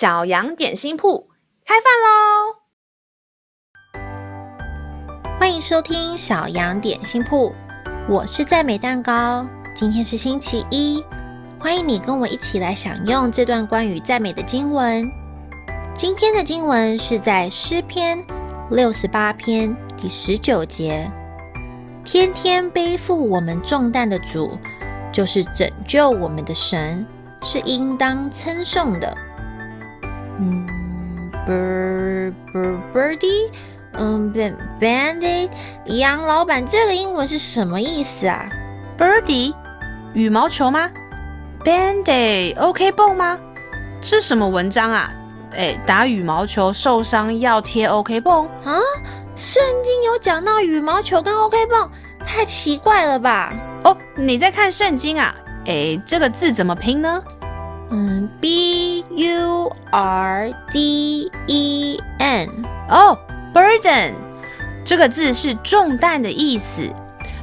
小羊點心鋪開飯嘍！歡迎收聽小羊點心鋪，我是讚美蛋糕。今天是星期一，歡迎你跟我一起來享用這段關於讚美的經文。今天的經文是在詩篇六十八篇第十九節：“天天背負我們重擔的主，就是拯救我們的神，是應當稱頌的。” Birdie，嗯、um,，Band-Aid，楊老板，這個英文是什麼意思啊？Birdie，羽毛球嗎？Band-Aid，OK、OK、繃、bon、嗎？是什麼文章啊？誒，打羽毛球受傷要貼 OK 繃、bon、啊？聖經有講到羽毛球跟 OK 繃、bon？太奇怪了吧？哦，你在看聖經啊？誒，這個字怎麼拼呢？嗯、um,，B。U R D E N 哦，oh，burden 這個字是重擔的意思。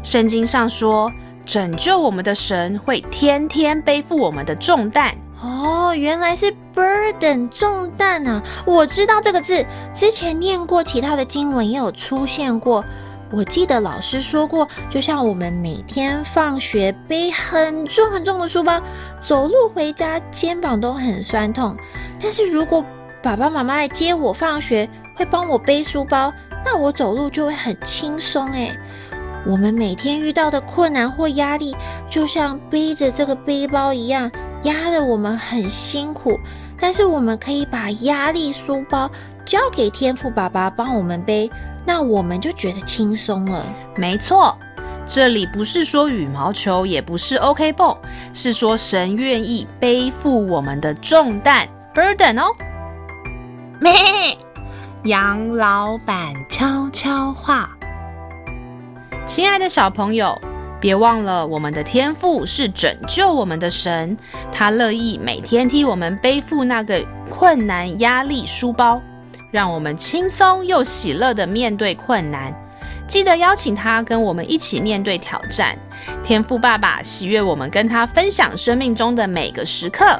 聖經上說，拯救我們的神會天天背負我們的重擔。哦，oh, 原來是 burden 重擔啊！我知道這個字，之前念過其他的經文也有出現過。我記得老師說過，就像我們每天放學背很重很重的書包走路回家，肩膀都很痠痛。但是如果爸爸媽媽來接我放學，會幫我背書包，那我走路就會很輕鬆。誒，我們每天遇到的困難或壓力，就像背着這個背包一樣，壓得我們很辛苦。但是我們可以把壓力書包交給天父爸爸幫我們背。那我們就覺得輕鬆了。沒錯，這裡不是說羽毛球，也不是 OK 繃，是說神願意背負我們的重擔 burden 哦。咩？楊老板悄悄話。親愛的小朋友，別忘了我們的天父是拯救我們的神，他樂意每天替我們背負那個困難壓力書包。讓我們輕鬆又喜樂地面對困難，記得邀請他跟我們一起面對挑戰。天父爸爸喜悅我們跟他分享生命中的每個時刻。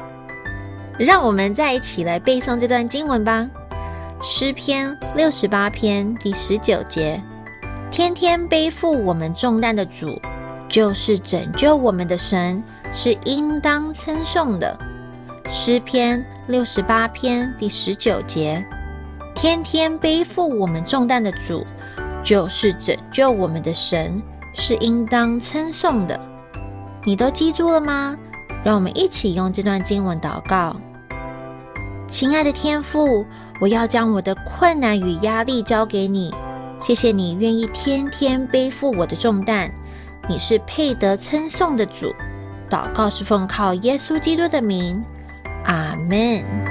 讓我們再一起來背誦這段經文吧，《詩篇》六十八篇第十九節：天天背負我們重擔的主，就是拯救我們的神，是應當稱頌的。《詩篇》六十八篇第十九節。天天背負我們重擔的主，就是拯救我們的神，是應當稱頌的。你都記住了嗎？讓我們一起用這段經文禱告。親愛的天父，我要將我的困難與壓力交給你，謝謝你願意天天背負我的重擔，你是配得稱頌的主。禱告是奉靠耶穌基督的名，阿門。